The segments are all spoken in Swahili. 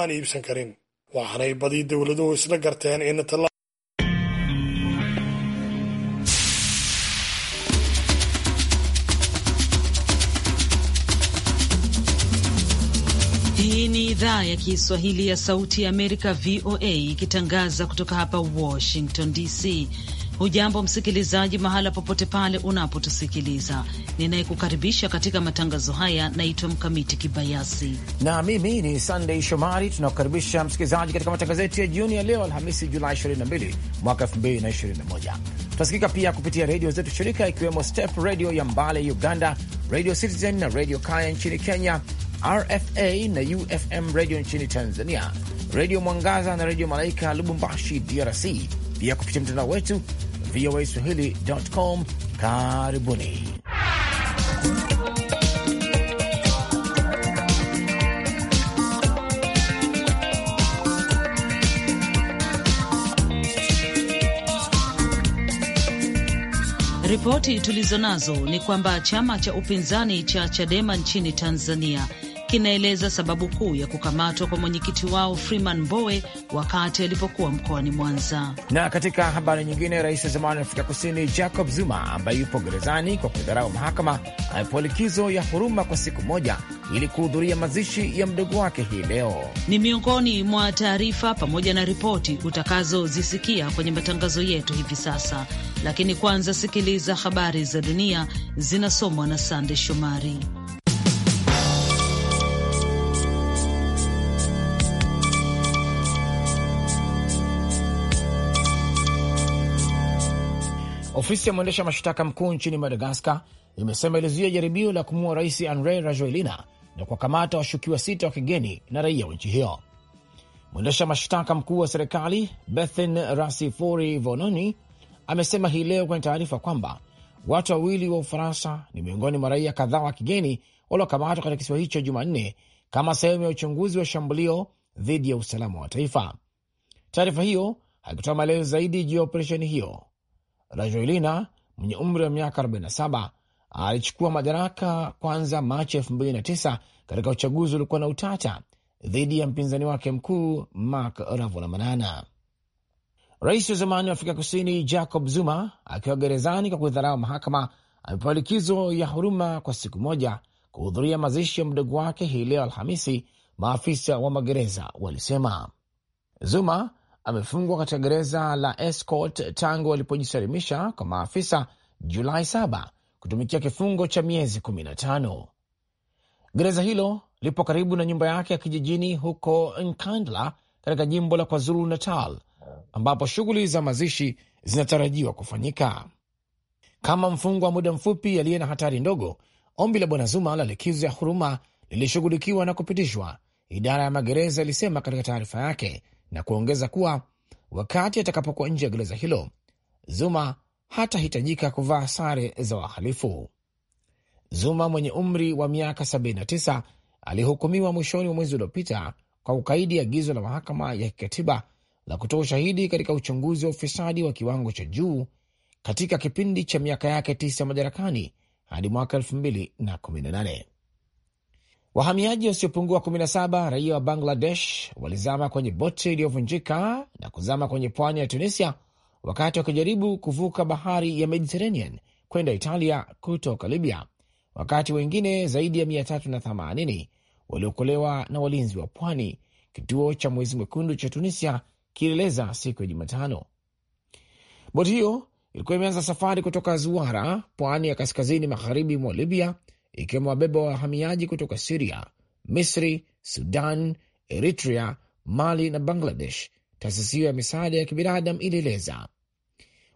aan iibsan karin waxaanay badi dowladuhu isla garteen in Hii ni idhaa ya Kiswahili ya Sauti ya Amerika, VOA, ikitangaza kutoka hapa Washington DC. Hujambo msikilizaji, mahala popote pale unapotusikiliza, ninayekukaribisha katika matangazo haya naitwa Mkamiti Kibayasi na mimi ni Sandey Shomari. Tunakukaribisha msikilizaji katika matangazo yetu ya jioni ya leo Alhamisi, Julai 22 mwaka 2021. Tunasikika pia kupitia redio zetu shirika, ikiwemo Step Redio ya Mbale Uganda, Radio Citizen na Redio Kaya nchini Kenya, RFA na UFM Redio nchini Tanzania, Redio Mwangaza na Redio Malaika Lubumbashi, DRC, pia kupitia mtandao wetu VOA Swahili.com. Karibuni. Ripoti tulizo nazo ni kwamba chama cha upinzani cha Chadema nchini Tanzania kinaeleza sababu kuu ya kukamatwa kwa mwenyekiti wao Freeman Mbowe wakati alipokuwa mkoani Mwanza. Na katika habari nyingine, rais wa zamani wa Afrika Kusini Jacob Zuma ambaye yupo gerezani kwa kudharau mahakama amepewa likizo ya huruma kwa siku moja ili kuhudhuria mazishi ya mdogo wake hii leo. Ni miongoni mwa taarifa pamoja na ripoti utakazozisikia kwenye matangazo yetu hivi sasa, lakini kwanza sikiliza habari za dunia zinasomwa na Sande Shomari. Ofisi ya mwendesha mashtaka mkuu nchini Madagaskar imesema ilizuia jaribio la kumua rais andre Rajoelina na kuwakamata washukiwa sita wa kigeni na raia wa nchi hiyo. Mwendesha mashtaka mkuu wa serikali Bethin Rasifori Vononi amesema hii leo kwenye taarifa kwamba watu wawili wa Ufaransa ni miongoni mwa raia kadhaa wa kigeni waliokamatwa katika kisiwa hicho Jumanne kama sehemu ya uchunguzi wa shambulio dhidi ya usalama wa taifa. Taarifa hiyo haikutoa maelezo zaidi juu ya operesheni hiyo. Rajoelina mwenye umri wa miaka 47 alichukua madaraka kwanza Machi 2009 katika uchaguzi uliokuwa na utata dhidi ya mpinzani wake mkuu Marc Ravalomanana. Rais wa zamani wa Afrika Kusini Jacob Zuma akiwa gerezani kwa kuidharaa mahakama amepewa likizo ya huruma kwa siku moja kuhudhuria mazishi ya mdogo wake hii leo Alhamisi, maafisa wa magereza walisema. Zuma amefungwa katika gereza la Escort tangu alipojisalimisha kwa maafisa Julai 7 kutumikia kifungo cha miezi 15. Gereza hilo lipo karibu na nyumba yake ya kijijini huko Nkandla katika jimbo la KwaZulu Natal ambapo shughuli za mazishi zinatarajiwa kufanyika. Kama mfungwa wa muda mfupi aliye na hatari ndogo, ombi la Bwana Zuma la likizo ya huruma lilishughulikiwa na kupitishwa, idara ya magereza ilisema katika taarifa yake, na kuongeza kuwa wakati atakapokuwa nje ya gereza hilo, Zuma hatahitajika kuvaa sare za wahalifu. Zuma mwenye umri wa miaka 79 alihukumiwa mwishoni mwa mwezi uliopita kwa ukaidi agizo la mahakama ya kikatiba la kutoa ushahidi katika uchunguzi wa ufisadi wa kiwango cha juu katika kipindi cha miaka yake tisa madarakani hadi mwaka 2018. Wahamiaji wasiopungua 17 raia wa Bangladesh walizama kwenye boti iliyovunjika na kuzama kwenye pwani ya Tunisia wakati wakijaribu kuvuka bahari ya Mediterranean kwenda Italia kutoka Libya, wakati wengine zaidi ya 380 waliokolewa na walinzi wa pwani. Kituo cha Mwezi Mwekundu cha Tunisia kilieleza siku ya Jumatano boti hiyo ilikuwa imeanza safari kutoka Zuara, pwani ya kaskazini magharibi mwa Libya, ikiwemo wabeba wa wahamiaji kutoka Siria, Misri, Sudan, Eritrea, Mali na Bangladesh. Taasisi hiyo ya misaada ya kibinadamu ilieleza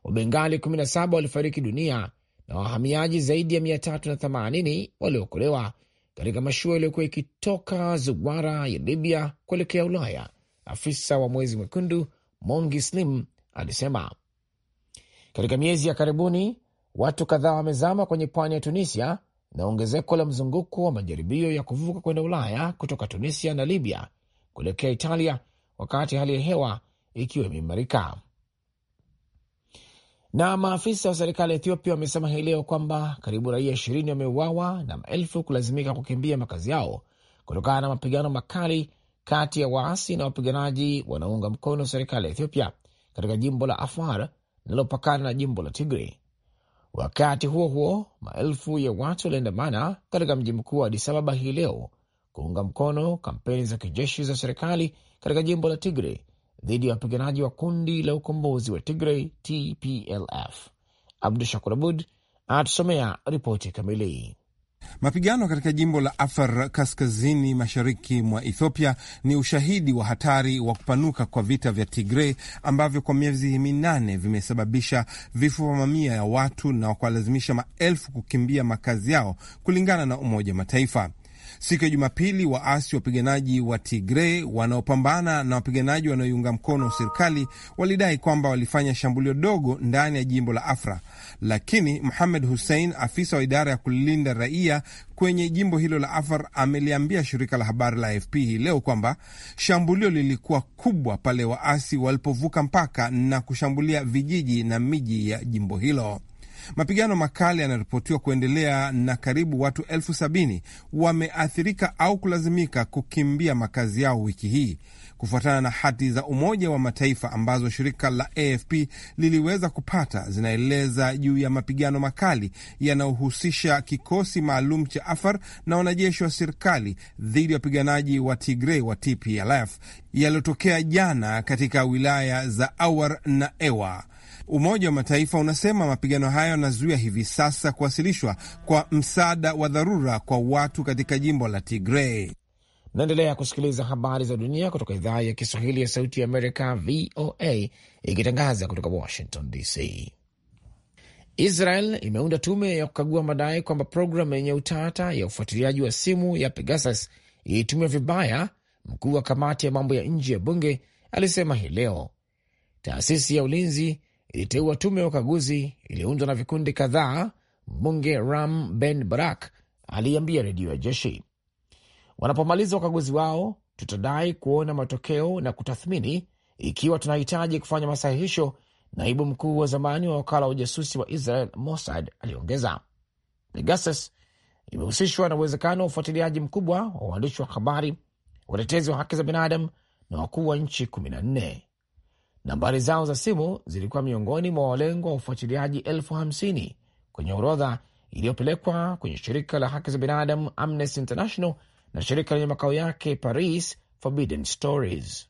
Wabengali 17 walifariki dunia na wahamiaji zaidi ya 380 waliokolewa katika mashua iliyokuwa ikitoka Zuwara ya Libya kuelekea Ulaya. Afisa wa Mwezi Mwekundu Mongi Slim alisema katika miezi ya karibuni watu kadhaa wamezama kwenye pwani ya Tunisia na ongezeko la mzunguko wa majaribio ya kuvuka kwenda Ulaya kutoka Tunisia na Libya kuelekea Italia wakati hali ya hewa ikiwa imeimarika. Na maafisa wa serikali ya Ethiopia wamesema hii leo kwamba karibu raia ishirini wameuawa na maelfu kulazimika kukimbia makazi yao kutokana na mapigano makali kati ya waasi na wapiganaji wanaounga mkono serikali ya Ethiopia katika jimbo la Afar linalopakana na jimbo la Tigray Wakati huo huo, maelfu ya watu waliandamana katika mji mkuu wa Addis Ababa hii leo kuunga mkono kampeni za kijeshi za serikali katika jimbo la Tigray dhidi ya wapiganaji wa kundi la ukombozi wa Tigray TPLF. Abdu Shakur Abud atusomea ripoti kamili. Mapigano katika jimbo la Afar kaskazini mashariki mwa Ethiopia ni ushahidi wa hatari wa kupanuka kwa vita vya tigre ambavyo kwa miezi minane vimesababisha vifo vya mamia ya watu na kuwalazimisha maelfu kukimbia makazi yao kulingana na Umoja wa Mataifa. Siku ya Jumapili, waasi wapiganaji wa tigre wanaopambana na wapiganaji wanaoiunga mkono serikali walidai kwamba walifanya shambulio dogo ndani ya jimbo la Afra, lakini Muhamed Hussein, afisa wa idara ya kulinda raia kwenye jimbo hilo la Afar ameliambia shirika la habari la AFP hii leo kwamba shambulio lilikuwa kubwa pale waasi walipovuka mpaka na kushambulia vijiji na miji ya jimbo hilo. Mapigano makali yanaripotiwa kuendelea na karibu watu elfu sabini wameathirika au kulazimika kukimbia makazi yao wiki hii kufuatana na hati za Umoja wa Mataifa ambazo shirika la AFP liliweza kupata zinaeleza juu ya mapigano makali yanayohusisha kikosi maalum cha Afar na wanajeshi wa serikali dhidi ya wapiganaji wa Tigrei wa TPLF yaliyotokea jana katika wilaya za Awar na Ewa. Umoja wa Mataifa unasema mapigano hayo yanazuia hivi sasa kuwasilishwa kwa msaada wa dharura kwa watu katika jimbo la Tigrei. Naendelea kusikiliza habari za dunia kutoka idhaa ya Kiswahili ya Sauti ya Amerika, VOA, ikitangaza kutoka Washington DC. Israel imeunda tume ya kukagua madai kwamba programu yenye utata ya ufuatiliaji wa simu ya Pegasus ilitumia vibaya. Mkuu wa kamati ya mambo ya nje ya bunge alisema hii leo. Taasisi ya ulinzi iliteua tume ya ukaguzi iliyoundwa na vikundi kadhaa. Mbunge Ram Ben Barak aliambia redio ya jeshi, wanapomaliza ukaguzi wao, tutadai kuona matokeo na kutathmini ikiwa tunahitaji kufanya masahihisho. Naibu mkuu wa zamani wa wakala wa ujasusi wa Israel Mossad aliongeza. Pegasus imehusishwa na uwezekano wa ufuatiliaji mkubwa wa waandishi wa habari, watetezi wa haki za binadamu na wakuu wa nchi kumi na nne. Nambari zao za simu zilikuwa miongoni mwa walengwa wa ufuatiliaji elfu hamsini kwenye orodha iliyopelekwa kwenye shirika la haki za binadamu Amnesty International na shirika lenye makao yake Paris, Forbidden Stories.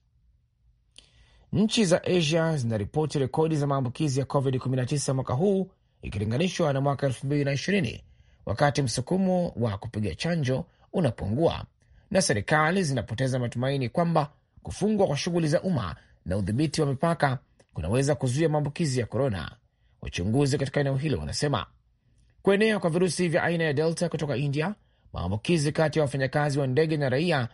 Nchi za Asia zinaripoti rekodi za maambukizi ya COVID-19 mwaka huu ikilinganishwa na mwaka 2020 wakati msukumo wa kupiga chanjo unapungua na serikali zinapoteza matumaini kwamba kufungwa kwa shughuli za umma na udhibiti wa mipaka kunaweza kuzuia maambukizi ya korona. Wachunguzi katika eneo hilo wanasema kuenea kwa virusi vya aina ya Delta kutoka India, maambukizi kati ya wafanyakazi wa ndege na raia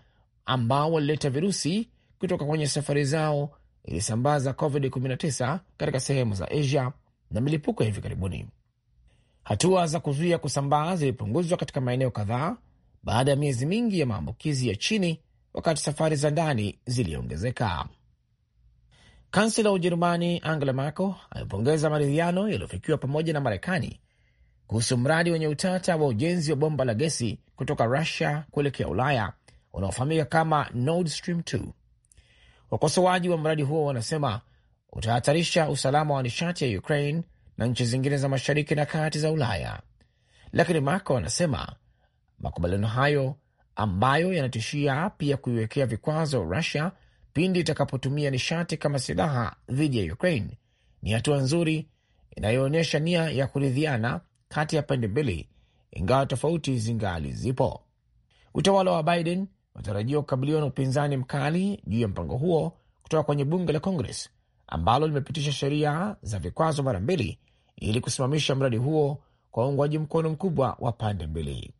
ambao walileta virusi kutoka kwenye safari zao ilisambaza COVID-19 katika sehemu za Asia na milipuko ya hivi karibuni. Hatua za kuzuia kusambaa zilipunguzwa katika maeneo kadhaa baada ya miezi mingi ya maambukizi ya chini, wakati safari za ndani ziliongezeka. Kansela wa Ujerumani Angela Merkel amepongeza maridhiano yaliyofikiwa pamoja na Marekani kuhusu mradi wenye utata wa ujenzi wa bomba la gesi kutoka Rusia kuelekea Ulaya unaofahamika kama Nord Stream 2. Wakosoaji wa mradi huo wanasema utahatarisha usalama wa nishati ya Ukraine na nchi zingine za mashariki na kati za Ulaya, lakini Merkel anasema makubaliano hayo ambayo yanatishia pia kuiwekea vikwazo Rusia pindi itakapotumia nishati kama silaha dhidi ya Ukraine ni hatua nzuri inayoonyesha nia ya kuridhiana kati ya pande mbili, ingawa tofauti zingali zipo. Utawala wa Biden unatarajiwa kukabiliwa na upinzani mkali juu ya mpango huo kutoka kwenye bunge la Congress ambalo limepitisha sheria za vikwazo mara mbili ili kusimamisha mradi huo kwa uungwaji mkono mkubwa wa pande mbili.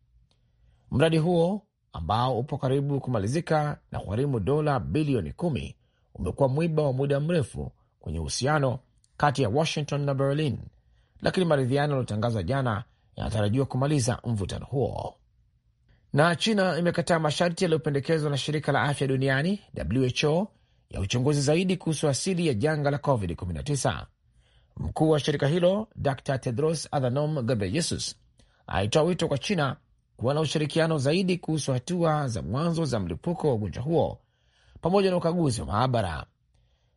Mradi huo ambao upo karibu kumalizika na kugharimu dola bilioni kumi umekuwa mwiba wa muda mrefu kwenye uhusiano kati ya Washington na Berlin, lakini maridhiano yaliyotangazwa jana yanatarajiwa kumaliza mvutano huo. Na China imekataa masharti yaliyopendekezwa na shirika la afya duniani WHO ya uchunguzi zaidi kuhusu asili ya janga la COVID-19. Mkuu wa shirika hilo Dr Tedros Adhanom Ghebreyesus alitoa wito kwa China kuwa na ushirikiano zaidi kuhusu hatua za mwanzo za mlipuko wa ugonjwa huo pamoja na ukaguzi wa maabara.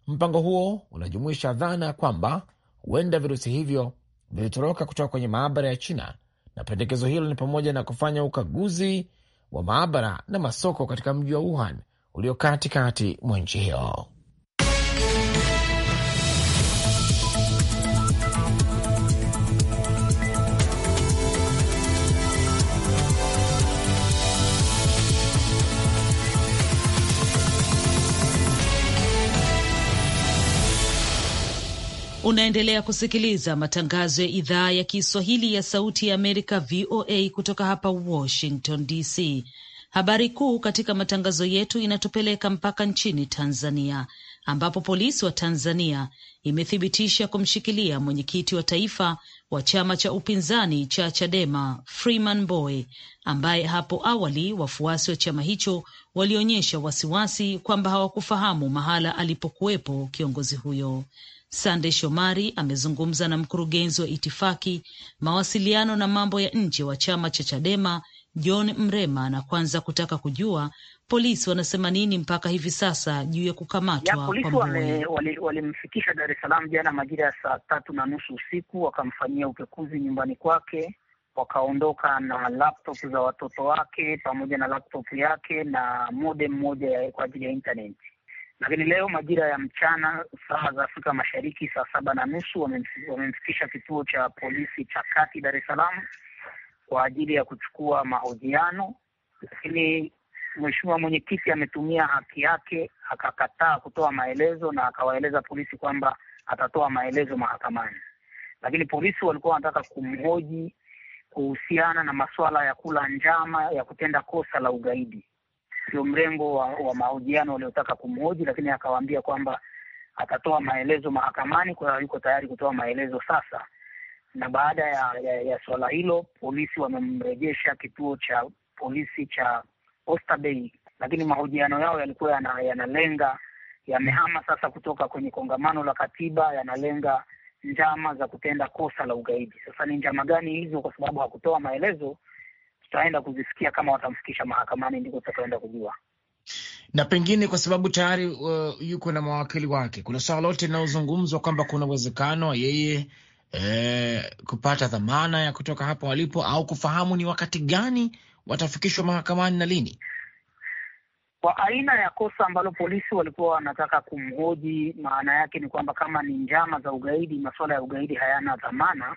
Mpango huo unajumuisha dhana kwamba huenda virusi hivyo vilitoroka kutoka kwenye maabara ya China, na pendekezo hilo ni pamoja na kufanya ukaguzi wa maabara na masoko katika mji wa Wuhan ulio katikati mwa nchi hiyo. Unaendelea kusikiliza matangazo ya idhaa ya Kiswahili ya Sauti ya Amerika, VOA, kutoka hapa Washington DC. Habari kuu katika matangazo yetu inatupeleka mpaka nchini Tanzania, ambapo polisi wa Tanzania imethibitisha kumshikilia mwenyekiti wa taifa wa chama cha upinzani cha Chadema Freeman Mbowe, ambaye hapo awali wafuasi wa chama hicho walionyesha wasiwasi kwamba hawakufahamu mahala alipokuwepo kiongozi huyo. Sande Shomari amezungumza na mkurugenzi wa itifaki, mawasiliano na mambo ya nje wa chama cha Chadema John Mrema, na kwanza kutaka kujua polisi wanasema nini mpaka hivi sasa juu ya kukamatwa. Polisi walimfikisha wali Dar es Salaam jana majira ya saa tatu na nusu usiku, wakamfanyia upekuzi nyumbani kwake, wakaondoka na laptop za watoto wake pamoja na laptop yake na modem moja kwa ajili ya intaneti. Lakini leo majira ya mchana, saa za Afrika Mashariki, saa saba na nusu, wamemfikisha kituo cha polisi cha kati Dar es Salaam kwa ajili ya kuchukua mahojiano, lakini mheshimiwa mwenyekiti ametumia haki yake akakataa kutoa maelezo na akawaeleza polisi kwamba atatoa maelezo mahakamani, lakini polisi walikuwa wanataka kumhoji kuhusiana na masuala ya kula njama ya kutenda kosa la ugaidi sio mrengo wa, wa mahojiano waliotaka kumhoji, lakini akawaambia kwamba atatoa maelezo mahakamani, kwa hiyo yuko tayari kutoa maelezo sasa. Na baada ya, ya, ya suala hilo, polisi wamemrejesha kituo cha polisi cha Oysterbay, lakini mahojiano yao yalikuwa yanalenga ya yamehama sasa kutoka kwenye kongamano la katiba, yanalenga njama za kutenda kosa la ugaidi. Sasa ni njama gani hizo? Kwa sababu hakutoa maelezo tutaenda kuzisikia kama watamfikisha mahakamani, ndiko tutaenda kujua. Na pengine kwa sababu tayari uh, yuko na mawakili wake, kuna swala lote linalozungumzwa kwamba kuna uwezekano wa yeye eh, kupata dhamana ya kutoka hapo walipo au kufahamu ni wakati gani watafikishwa mahakamani na lini. Kwa aina ya kosa ambalo polisi walikuwa wanataka kumhoji, maana yake ni kwamba kama ni njama za ugaidi, masuala ya ugaidi hayana dhamana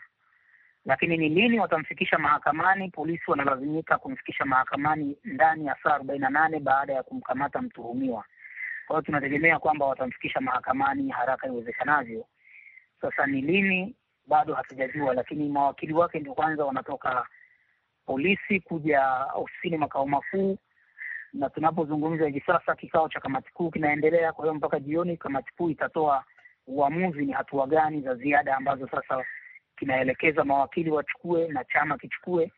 lakini ni lini watamfikisha mahakamani? Polisi wanalazimika kumfikisha mahakamani ndani ya saa arobaini na nane baada ya kumkamata mtuhumiwa. Kwa hiyo tunategemea kwamba watamfikisha mahakamani haraka iwezekanavyo. Sasa ni lini bado hatujajua, lakini mawakili wake ndio kwanza wanatoka polisi kuja ofisini makao makuu, na tunapozungumza hivi sasa kikao cha kamati kuu kinaendelea. Kwa hiyo mpaka jioni kamati kuu itatoa uamuzi ni hatua gani za ziada ambazo sasa kinaelekeza mawakili wachukue na chama kichukue,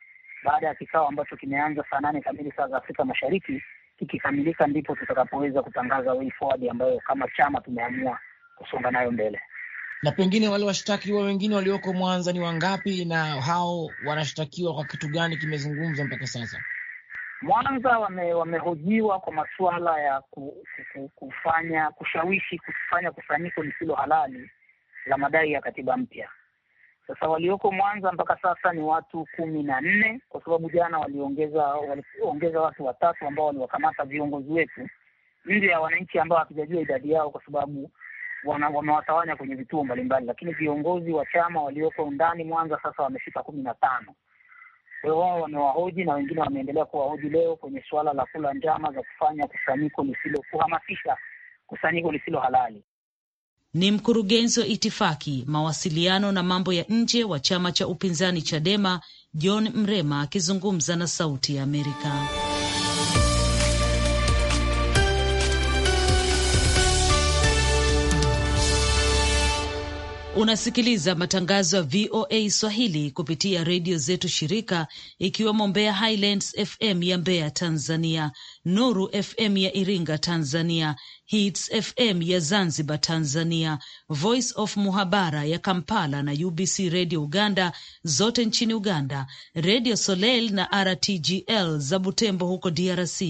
baada ya kikao ambacho kimeanza saa nane kamili saa za Afrika Mashariki. Kikikamilika ndipo tutakapoweza kutangaza way forward ambayo kama chama tumeamua kusonga nayo mbele. Na pengine wale washtakiwa wengine walioko Mwanza ni wangapi, na hao wanashtakiwa kwa kitu gani? Kimezungumzwa mpaka sasa Mwanza wame, wamehojiwa kwa masuala ya kufanya kushawishi kufanya kusanyiko lisilo halali la madai ya katiba mpya. Sasa walioko Mwanza mpaka sasa ni watu kumi na nne kwa sababu jana waliongeza waliongeza watu watatu ambao waliwakamata viongozi wetu nje ya wananchi ambao hatujajua idadi yao kwa sababu wamewatawanya kwenye vituo mbalimbali, lakini viongozi wa chama walioko ndani Mwanza sasa wamefika kumi na tano. Kwa hiyo wao wamewahoji na wengine wameendelea kuwahoji leo kwenye suala la kula njama za kufanya kusanyiko lisilokuhamasisha kusanyiko lisilo halali ni mkurugenzi wa itifaki, mawasiliano na mambo ya nje wa chama cha upinzani Chadema John Mrema akizungumza na Sauti ya Amerika. Unasikiliza matangazo ya VOA Swahili kupitia redio zetu shirika, ikiwemo Mbeya Highlands FM ya Mbeya, Tanzania, Nuru FM ya Iringa, Tanzania, Hits FM ya Zanzibar, Tanzania, Voice of Muhabara ya Kampala na UBC Radio Uganda zote nchini Uganda, Radio Soleil na RTGL za Butembo huko DRC,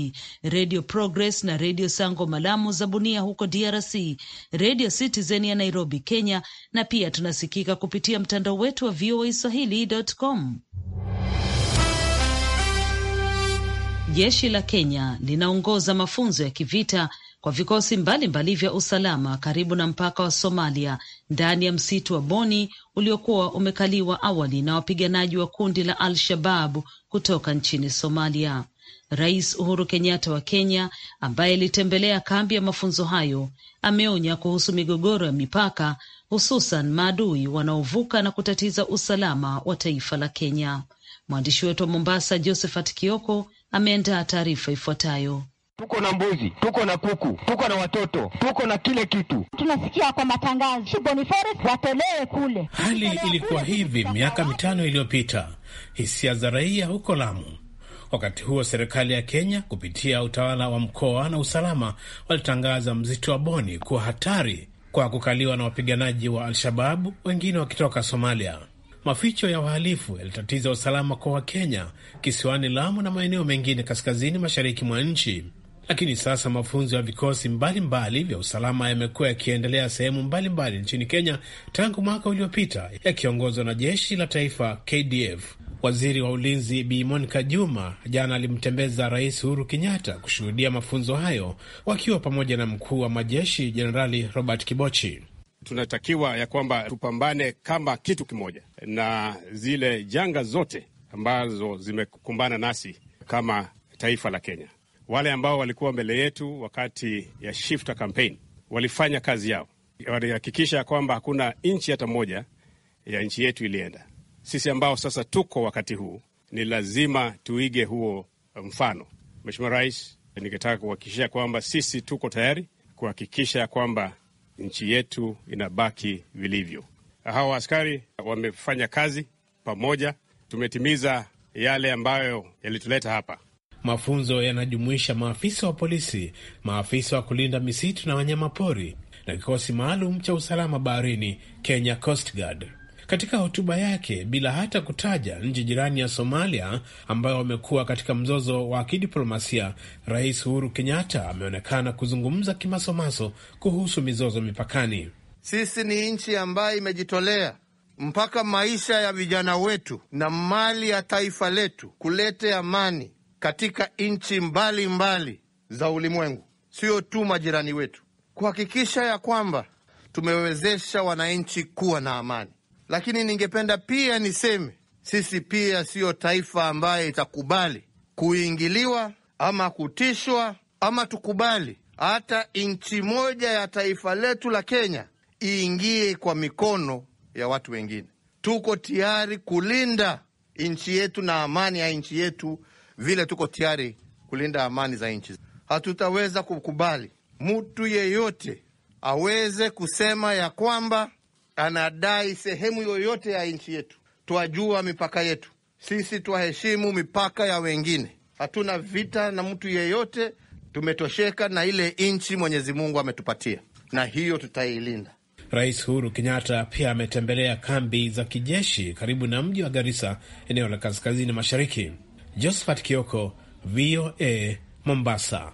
Radio Progress na Radio Sango Malamu za Bunia huko DRC, Radio Citizen ya Nairobi, Kenya, na pia tunasikika kupitia mtandao wetu wa VOA Swahili.com. Jeshi la Kenya linaongoza mafunzo ya kivita kwa vikosi mbalimbali vya usalama karibu na mpaka wa Somalia ndani ya msitu wa Boni uliokuwa umekaliwa awali na wapiganaji wa kundi la al shabab kutoka nchini Somalia. Rais Uhuru Kenyatta wa Kenya, ambaye alitembelea kambi ya mafunzo hayo, ameonya kuhusu migogoro ya mipaka, hususan maadui wanaovuka na kutatiza usalama wa taifa la Kenya. Mwandishi wetu wa Mombasa, Josephat Kioko, ameandaa taarifa ifuatayo. Tuko na mbuzi, tuko na kuku, tuko na watoto, tuko na kile kitu. Tunasikia kwa matangazo watolewe kule. Hali ilikuwa hivi miaka mitano iliyopita, hisia za raia huko Lamu. Wakati huo serikali ya Kenya kupitia utawala wa mkoa na usalama walitangaza mzito wa Boni kuwa hatari kwa kukaliwa na wapiganaji wa Al-Shababu, wengine wakitoka Somalia. Maficho ya wahalifu yalitatiza usalama kwa Wakenya kisiwani Lamu na maeneo mengine kaskazini mashariki mwa nchi. Lakini sasa mafunzo ya vikosi mbalimbali vya usalama yamekuwa yakiendelea sehemu mbalimbali nchini Kenya tangu mwaka uliopita, yakiongozwa na jeshi la taifa KDF. Waziri wa ulinzi Bi Monica Juma jana alimtembeza Rais Uhuru Kenyatta kushuhudia mafunzo hayo wakiwa pamoja na mkuu wa majeshi Jenerali Robert Kibochi tunatakiwa ya kwamba tupambane kama kitu kimoja na zile janga zote ambazo zimekumbana nasi kama taifa la Kenya. Wale ambao walikuwa mbele yetu wakati ya Shifta campaign walifanya kazi yao, walihakikisha kwamba hakuna nchi hata moja ya nchi yetu ilienda. Sisi ambao sasa tuko wakati huu ni lazima tuige huo mfano. Mheshimiwa Rais, ningetaka kuhakikishia kwamba sisi tuko tayari kuhakikisha kwamba nchi yetu inabaki vilivyo. Hawa askari wamefanya kazi pamoja, tumetimiza yale ambayo yalituleta hapa. Mafunzo yanajumuisha maafisa wa polisi, maafisa wa kulinda misitu na wanyamapori na kikosi maalum cha usalama baharini Kenya Coast Guard katika hotuba yake bila hata kutaja nchi jirani ya Somalia ambayo wamekuwa katika mzozo wa kidiplomasia. Rais Uhuru Kenyatta ameonekana kuzungumza kimasomaso kuhusu mizozo mipakani. Sisi ni nchi ambayo imejitolea mpaka maisha ya vijana wetu na mali ya taifa letu kulete amani katika nchi mbalimbali za ulimwengu, sio tu majirani wetu, kuhakikisha ya kwamba tumewezesha wananchi kuwa na amani. Lakini ningependa pia niseme sisi pia siyo taifa ambaye itakubali kuingiliwa ama kutishwa ama tukubali hata nchi moja ya taifa letu la Kenya iingie kwa mikono ya watu wengine. Tuko tayari kulinda nchi yetu na amani ya nchi yetu, vile tuko tayari kulinda amani za nchi. Hatutaweza kukubali mtu yeyote aweze kusema ya kwamba anadai sehemu yoyote ya nchi yetu, twajua mipaka yetu sisi, twaheshimu mipaka ya wengine. Hatuna vita na mtu yeyote, tumetosheka na ile nchi Mwenyezi Mungu ametupatia, na hiyo tutailinda. Rais Uhuru Kenyatta pia ametembelea kambi za kijeshi karibu na mji wa Garissa, eneo la kaskazini mashariki. Josephat Kioko, VOA, Mombasa.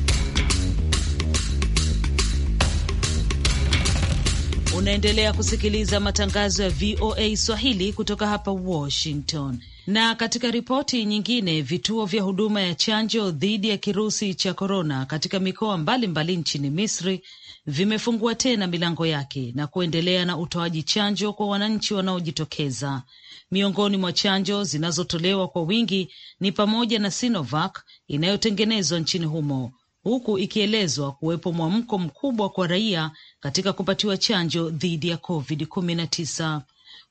Unaendelea kusikiliza matangazo ya VOA Swahili kutoka hapa Washington. Na katika ripoti nyingine, vituo vya huduma ya chanjo dhidi ya kirusi cha korona katika mikoa mbalimbali nchini Misri vimefungua tena milango yake na kuendelea na utoaji chanjo kwa wananchi wanaojitokeza. Miongoni mwa chanjo zinazotolewa kwa wingi ni pamoja na Sinovac inayotengenezwa nchini humo huku ikielezwa kuwepo mwamko mkubwa kwa raia katika kupatiwa chanjo dhidi ya COVID-19.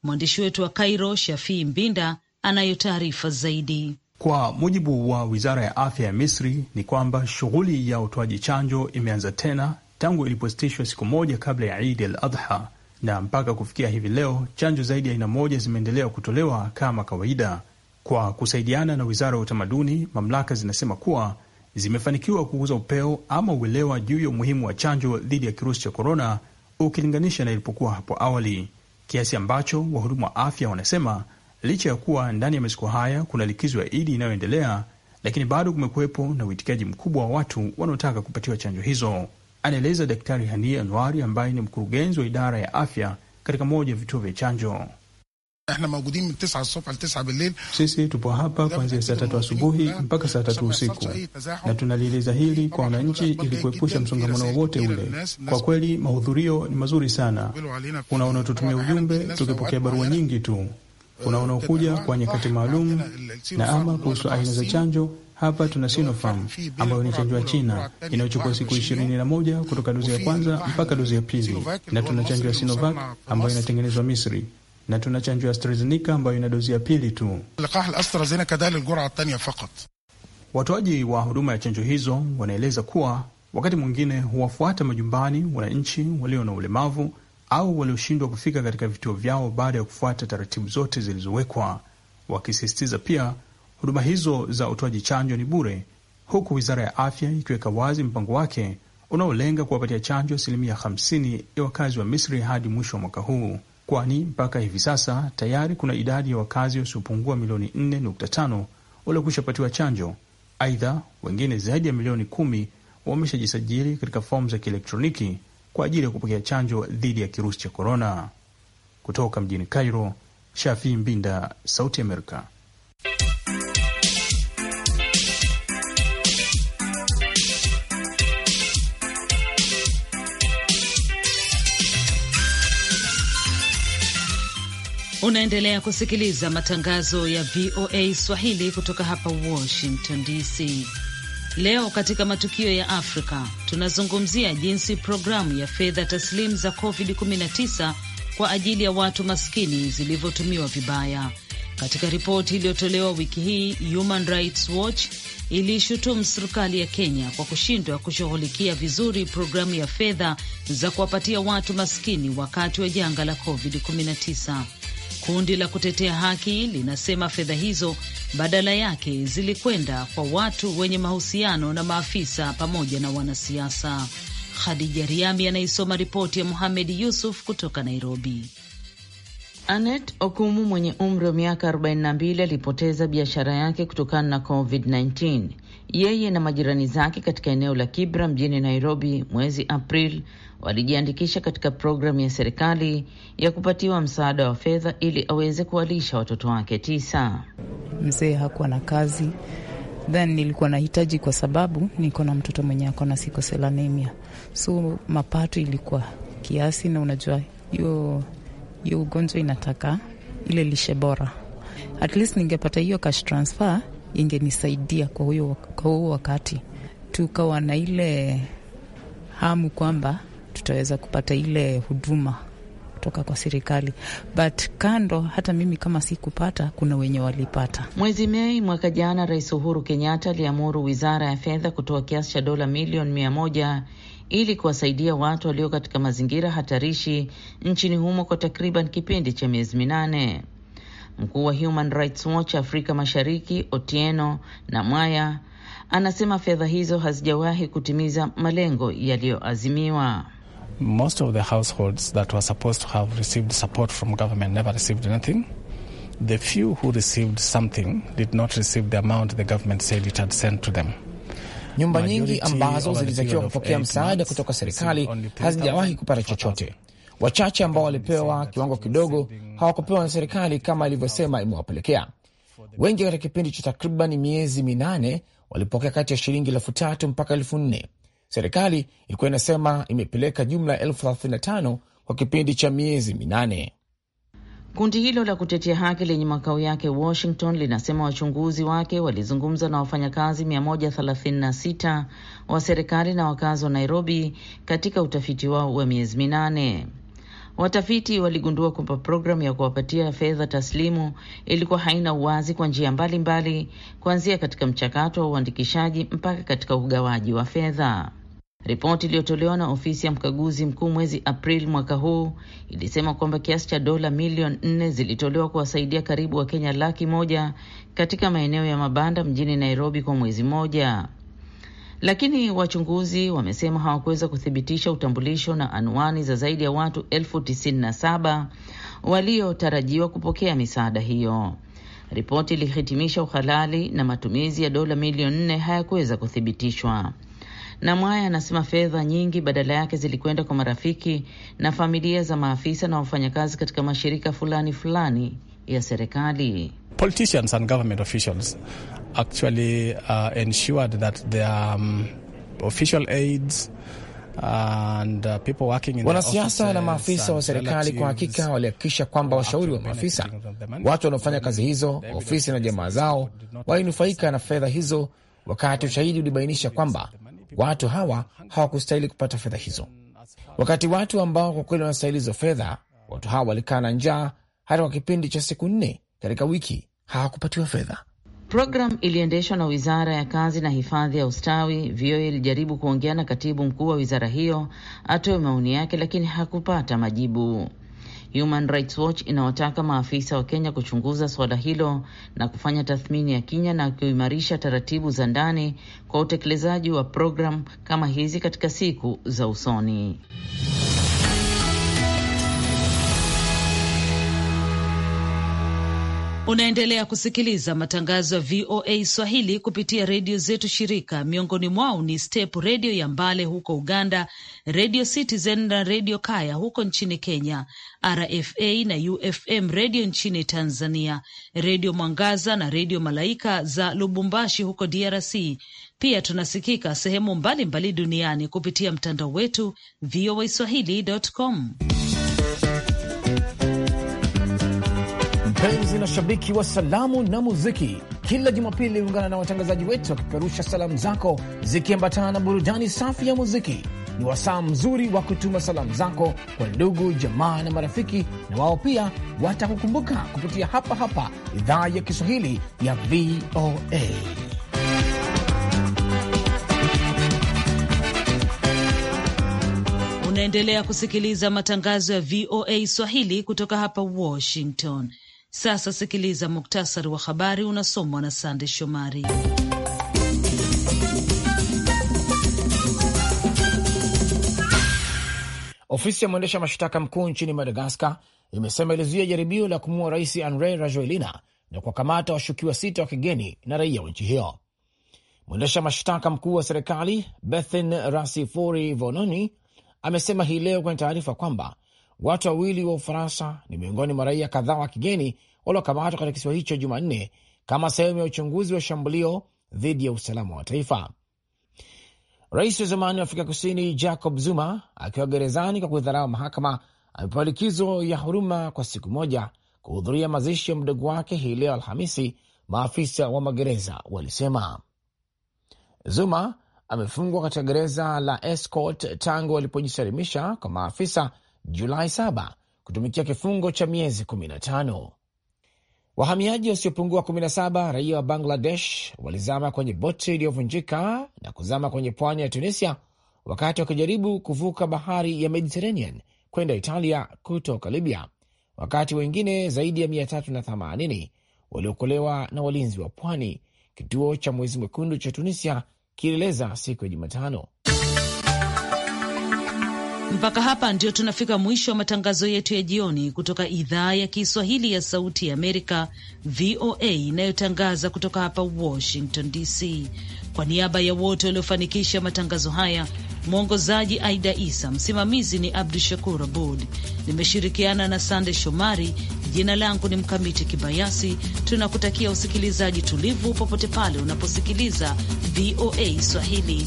Mwandishi wetu wa Cairo, Shafii Mbinda, anayo taarifa zaidi. Kwa mujibu wa wizara ya afya ya Misri ni kwamba shughuli ya utoaji chanjo imeanza tena tangu ilipositishwa siku moja kabla ya Idi al Adha, na mpaka kufikia hivi leo chanjo zaidi ya aina moja zimeendelea kutolewa kama kawaida. Kwa kusaidiana na wizara ya utamaduni, mamlaka zinasema kuwa zimefanikiwa kukuza upeo ama uelewa juu ya umuhimu wa chanjo dhidi ya kirusi cha korona ukilinganisha na ilipokuwa hapo awali, kiasi ambacho wahudumu wa afya wanasema licha ya kuwa ndani ya masiko haya kuna likizo ya Idi inayoendelea, lakini bado kumekuwepo na uitikaji mkubwa wa watu wanaotaka kupatiwa chanjo hizo, anaeleza Daktari Hania Anwari ambaye ni mkurugenzi wa idara ya afya katika moja ya vituo vya chanjo. Ehna maudin min tisa subh tisa bilil, sisi tupo hapa kuanzia saa tatu asubuhi mpaka saa tatu usiku, na tunalieleza hili kwa wananchi ili kuepusha msongamano wowote ule. Kwa kweli mahudhurio ni mazuri sana. Kuna wanaotutumia ujumbe, tukipokea barua nyingi tu. Kuna wanaokuja kwa nyakati maalum. Na ama kuhusu aina za chanjo hapa tuna Sinopharm ambayo ni chanjo ya China inayochukua siku ishirini na moja kutoka dozi ya kwanza mpaka dozi ya pili, na tuna chanjo ya Sinovac ambayo inatengenezwa Misri na tuna chanjo ya AstraZeneca ambayo ina dozi ya pili tu. Watoaji wa huduma ya chanjo hizo wanaeleza kuwa wakati mwingine huwafuata majumbani wananchi walio na ulemavu au walioshindwa kufika katika vituo vyao baada ya kufuata taratibu zote zilizowekwa, wakisisitiza pia huduma hizo za utoaji chanjo ni bure, huku wizara ya afya ikiweka wazi mpango wake unaolenga kuwapatia chanjo asilimia 50 ya wakazi wa Misri hadi mwisho wa mwaka huu kwani mpaka hivi sasa tayari kuna idadi ya wakazi wasiopungua milioni 4.5 patiwa chanjo. Aidha, wengine zaidi ya milioni kumi wameshajisajili katika fomu za kielektroniki kwa ajili ya kupokea chanjo dhidi ya kirusi cha korona. Kutoka mjini Cairo, Shafi Mbinda, Sauti Amerika. Unaendelea kusikiliza matangazo ya VOA Swahili kutoka hapa Washington DC. Leo katika matukio ya Afrika tunazungumzia jinsi programu ya fedha taslimu za COVID-19 kwa ajili ya watu maskini zilivyotumiwa vibaya. Katika ripoti iliyotolewa wiki hii, Human Rights Watch iliishutumu serikali ya Kenya kwa kushindwa kushughulikia vizuri programu ya fedha za kuwapatia watu maskini wakati wa janga la COVID-19. Kundi la kutetea haki linasema fedha hizo badala yake zilikwenda kwa watu wenye mahusiano na maafisa pamoja na wanasiasa. Khadija Riami anaisoma ripoti ya Muhamed Yusuf kutoka Nairobi. Anet Okumu mwenye umri wa miaka 42 alipoteza biashara yake kutokana na COVID-19. Yeye na majirani zake katika eneo la Kibra mjini Nairobi mwezi Aprili walijiandikisha katika programu ya serikali ya kupatiwa msaada wa fedha ili aweze kuwalisha watoto wake tisa. Mzee hakuwa na kazi then nilikuwa nahitaji kwa sababu niko na mtoto mwenye ako na sickle anemia, so mapato ilikuwa kiasi, na unajua hiyo hiyo ugonjwa inataka ile lishe bora. At least ningepata hiyo cash transfer ingenisaidia kwa huo wakati. Tukawa na ile hamu kwamba tutaweza kupata ile huduma kutoka kwa serikali. But kando, hata mimi kama sikupata, kuna wenye walipata. Mwezi Mei mwaka jana, Rais Uhuru Kenyatta aliamuru wizara ya fedha kutoa kiasi cha dola milioni mia moja ili kuwasaidia watu walio katika mazingira hatarishi nchini humo kwa takriban kipindi cha miezi minane. Mkuu wa Human Rights Watch Afrika Mashariki Otieno na Mwaya anasema fedha hizo hazijawahi kutimiza malengo yaliyoazimiwa most of the households that were supposed to have received support from government never received anything. The few who received something did not receive the amount the government said it had sent to them. Nyumba nyingi ambazo zilitakiwa kupokea msaada kutoka serikali hazijawahi kupata chochote. Wachache ambao walipewa kiwango kidogo hawakupewa na serikali kama ilivyosema imewapelekea. Wengi katika kipindi cha takriban miezi minane walipokea kati ya shilingi elfu tatu mpaka elfu nne Serikali ilikuwa inasema imepeleka jumla ya elfu thelathini na tano kwa kipindi cha miezi minane. Kundi hilo la kutetea haki lenye makao yake Washington linasema wachunguzi wake walizungumza na wafanyakazi 136 wa serikali na wakazi wa Nairobi katika utafiti wao wa miezi minane. Watafiti waligundua kwamba programu ya kuwapatia fedha taslimu ilikuwa haina uwazi kwa njia mbalimbali, kuanzia katika mchakato wa uandikishaji mpaka katika ugawaji wa fedha. Ripoti iliyotolewa na ofisi ya mkaguzi mkuu mwezi Aprili mwaka huu ilisema kwamba kiasi cha dola milioni nne zilitolewa kuwasaidia karibu wa kenya laki moja katika maeneo ya mabanda mjini Nairobi kwa mwezi mmoja, lakini wachunguzi wamesema hawakuweza kuthibitisha utambulisho na anwani za zaidi ya watu elfu tisini na saba waliotarajiwa kupokea misaada hiyo. Ripoti ilihitimisha uhalali na matumizi ya dola milioni nne hayakuweza kuthibitishwa. Namwaya anasema fedha nyingi badala yake zilikwenda kwa marafiki na familia za maafisa na wafanyakazi katika mashirika fulani fulani ya serikali. Politicians and government officials actually uh, ensured that their um, official uh, and uh, people working in wanasiasa na maafisa wa serikali kwa hakika walihakikisha kwamba washauri wa maafisa, watu wanaofanya kazi hizo, ofisi na jamaa zao walinufaika na fedha hizo, wakati ushahidi ulibainisha kwamba Watu hawa hawakustahili kupata fedha hizo, wakati watu ambao kwa kweli wanastahili hizo fedha. Watu hawa walikaa na njaa, hata kwa kipindi cha siku nne katika wiki hawakupatiwa fedha. Programu iliendeshwa na wizara ya kazi na hifadhi ya ustawi. VOA ilijaribu kuongea na katibu mkuu wa wizara hiyo atoe maoni yake, lakini hakupata majibu. Human Rights Watch inawataka maafisa wa Kenya kuchunguza suala hilo na kufanya tathmini ya kinya na kuimarisha taratibu za ndani kwa utekelezaji wa programu kama hizi katika siku za usoni. Unaendelea kusikiliza matangazo ya VOA Swahili kupitia redio zetu shirika, miongoni mwao ni Step redio ya Mbale huko Uganda, redio Citizen na redio Kaya huko nchini Kenya, RFA na UFM redio nchini Tanzania, redio Mwangaza na redio Malaika za Lubumbashi huko DRC. Pia tunasikika sehemu mbalimbali mbali duniani kupitia mtandao wetu voa swahili.com. mpenzi na shabiki wa salamu na muziki, kila Jumapili ungana na watangazaji wetu wakipeperusha salamu zako zikiambatana na burudani safi ya muziki. Ni wasaa mzuri wa kutuma salamu zako kwa ndugu, jamaa na marafiki, na wao pia watakukumbuka kupitia hapa hapa idhaa ya Kiswahili ya VOA. Unaendelea kusikiliza matangazo ya VOA Swahili kutoka hapa Washington. Sasa sikiliza muktasari wa habari unasomwa na Sande Shomari. Ofisi ya mwendesha mashtaka mkuu nchini Madagaskar imesema ilizuia jaribio la kumuua rais andre Rajoelina na kuwakamata washukiwa sita wa kigeni na raia wa nchi hiyo. Mwendesha mashtaka mkuu wa serikali Bethin Rasifori Vononi amesema hii leo kwenye taarifa kwamba Watu wawili wa Ufaransa ni miongoni mwa raia kadhaa wa kigeni waliokamatwa katika kisiwa hicho Jumanne kama sehemu ya uchunguzi wa shambulio dhidi ya usalama wa taifa. Rais wa zamani wa Afrika Kusini Jacob Zuma akiwa gerezani kwa kuidharaa mahakama amepewa likizo ya huruma kwa siku moja kuhudhuria mazishi ya mdogo wake hii leo Alhamisi, maafisa wa magereza walisema. Zuma amefungwa katika gereza la Escort tangu alipojisalimisha kwa maafisa Julai 7 kutumikia kifungo cha miezi 15. Wahamiaji wasiopungua 17 raia wa Bangladesh walizama kwenye boti iliyovunjika na kuzama kwenye pwani ya Tunisia wakati wakijaribu kuvuka bahari ya Mediterranean kwenda Italia kutoka Libya, wakati wengine zaidi ya 380 waliokolewa na walinzi wa pwani. Kituo cha Mwezi Mwekundu cha Tunisia kilieleza siku ya Jumatano. Mpaka hapa ndio tunafika mwisho wa matangazo yetu ya jioni kutoka idhaa ya Kiswahili ya Sauti ya Amerika, VOA, inayotangaza kutoka hapa Washington DC. Kwa niaba ya wote waliofanikisha matangazo haya, mwongozaji Aida Isa, msimamizi ni Abdu Shakur Abud, nimeshirikiana na Sande Shomari. Jina langu ni Mkamiti Kibayasi. Tunakutakia usikilizaji tulivu popote pale unaposikiliza VOA Swahili.